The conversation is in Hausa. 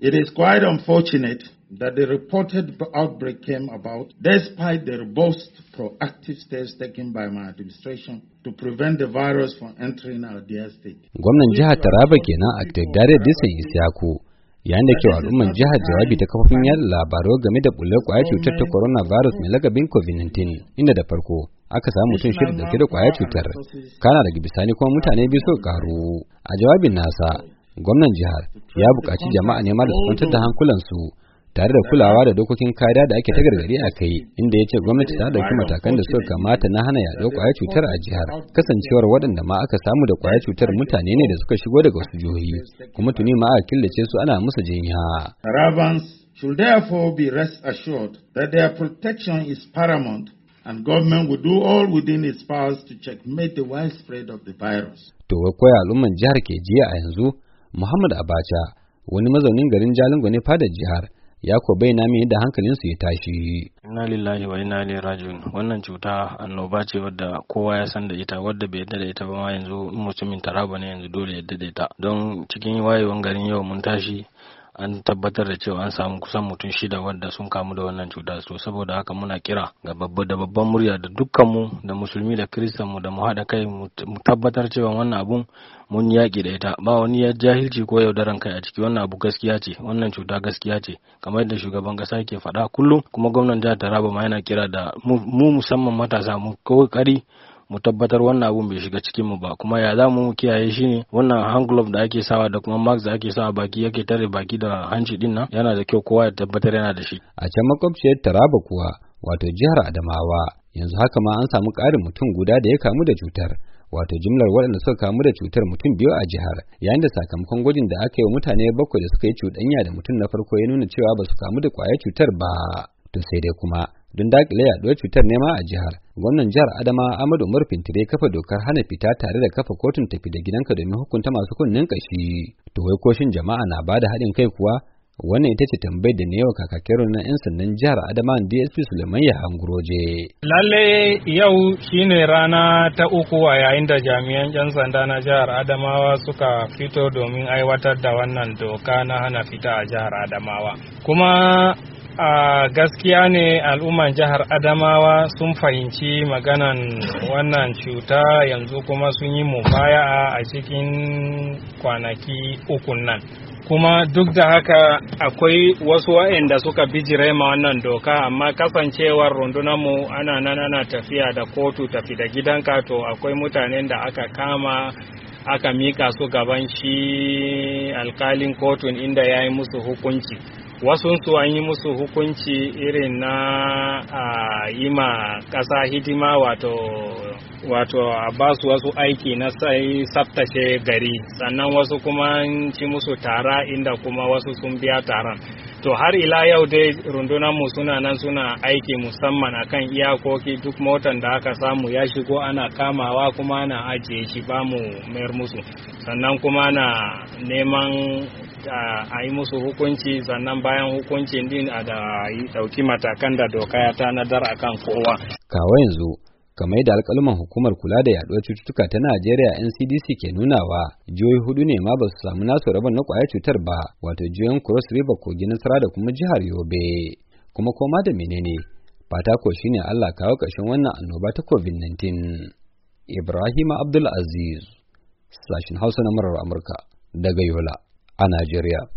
It is quite unfortunate that the reported outbreak came about despite the robust proactive steps taken by my administration to prevent the virus from entering our dear state. Gwamnan jihar Taraba kenan a Dare Disan Isiyaku yayin da ke al'umman jihar jawabi ta kafofin yada labarai game da bular kwayar cutar ta coronavirus mai lagabin covid-19 inda da farko aka samu mutum shida dauke da kwayar cutar kana daga bisani kuma mutane biyu suka karu a jawabin nasa gwamnan jihar ya buƙaci jama'a ne ma da kwantar da hankulansu tare da kulawa da dokokin kariya da ake ta gargadi a kai inda ya ce gwamnati ta dauki matakan da suka kamata na hana yaɗo ƙwayar cutar a jihar kasancewar waɗanda ma aka samu da ƙwayar cutar mutane ne da suka shigo daga wasu jihohi kuma tuni ma aka killace su ana musu jinya should therefore be rest assured that their protection is paramount and government will do all within its powers to checkmate the widespread of the virus. To koya al'umman jihar ke jiya a yanzu Muhammad Abacha wani mazaunin garin Jalingo ne fadar jihar ya ko bayyana da hankalin su ya tashi. Inna lillahi wa inna ilaihi raji'un. Wannan cuta annoba ce wadda kowa ya san da ita wadda bai yadda da ita ba yanzu mutumin taraba ne yanzu dole yadda da ita. Don cikin wayewan garin yau mun tashi an tabbatar da cewa an samu kusan mutum shida wanda sun kamu da wannan cuta to saboda haka muna kira ga babba da babban murya da mu da musulmi da kristan mu da mu haɗa kai mu tabbatar cewa wannan abun mun yaki da ita ba wani ya jahilci ko yaudaran kai a ciki wannan abu gaskiya ce wannan cuta gaskiya ce kamar yadda shugaban ƙasa yake faɗa kullum kuma gwamnan jihar Taraba ma yana kira da mu musamman matasa mu kokari mu tabbatar wannan abun bai shiga cikin mu ba kuma ya za mu kiyaye shi ne wannan hand glove da ake sawa da kuma mask da ake sawa baki yake tare baki da hanci din nan yana da kyau kowa ya tabbatar yana da shi a can makwabciyar Taraba kuwa wato jihar Adamawa yanzu haka ma an samu ƙarin mutum guda da ya kamu da cutar wato jimlar waɗanda suka kamu da cutar mutum biyu a jihar yayin da sakamakon gwajin da aka yi wa mutane bakwai da suka yi cuɗanya da mutum na farko ya nuna cewa ba su kamu da ƙwayar cutar ba to sai dai kuma don dakile yaɗuwar cutar nema a jihar Wannan jihar adama amadu umar fintire kafa dokar hana fita tare da kafa kotun tafi da gidanka domin hukunta masu kunnen kashi to wai koshin jama'a na bada haɗin kai kuwa wannan ita ce tambayar da ne wa kakakin na 'yan sandan jihar adama dsp suleiman ya hangroje lalle yau shine rana ta uku a yayin da jami'an 'yan sanda na jihar adamawa suka fito domin aiwatar da wannan doka na hana fita a jihar adamawa kuma a gaskiya ne al'umman jihar adamawa sun fahimci maganan wannan cuta yanzu kuma sun yi mubaya a cikin kwanaki ukun nan kuma duk da haka akwai wasu waɗanda suka bijire ma wannan doka amma kasancewar rundunanmu ana nan ana tafiya da kotu tafi da gidanka to akwai mutanen da aka kama aka mika su gaban shi alkalin kotun inda ya yi musu hukunci Wasu su an yi musu hukunci irin na a yi ma ƙasa hidima wato wato a ba su wasu aiki na sai tsaftace gari sannan wasu kuma ci musu tara inda kuma wasu sun biya taron to har ila yau dai rundunar mu suna nan suna aiki musamman akan iyakoki duk motan da aka samu ya shigo ana kamawa kuma ana ajiye shi ba mu mayar musu sannan kuma na neman a yi musu hukunci sannan bayan hukuncin din a da dauki matakan da doka ya tanadar a kan kowa. Kawo yanzu, kamar da hukumar kula da yaduwar cututtuka ta Najeriya NCDC ke nunawa, jihohi hudu ne ma ba su samu nasu rabon na kwayar cutar ba, wato jihohin Cross River kogin Nasara da kuma jihar Yobe. Kuma koma da menene? Fata ko shine Allah kawo ƙarshen wannan annoba ta COVID-19. Ibrahim Abdul Aziz, sashin Hausa na murar Amurka, daga Yola. a Najeriya.